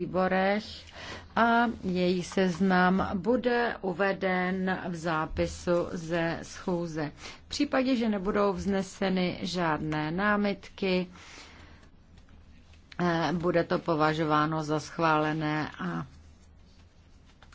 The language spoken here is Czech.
výborech a její seznam bude uveden v zápisu ze schůze. V případě, že nebudou vzneseny žádné námitky, eh, bude to považováno za schválené a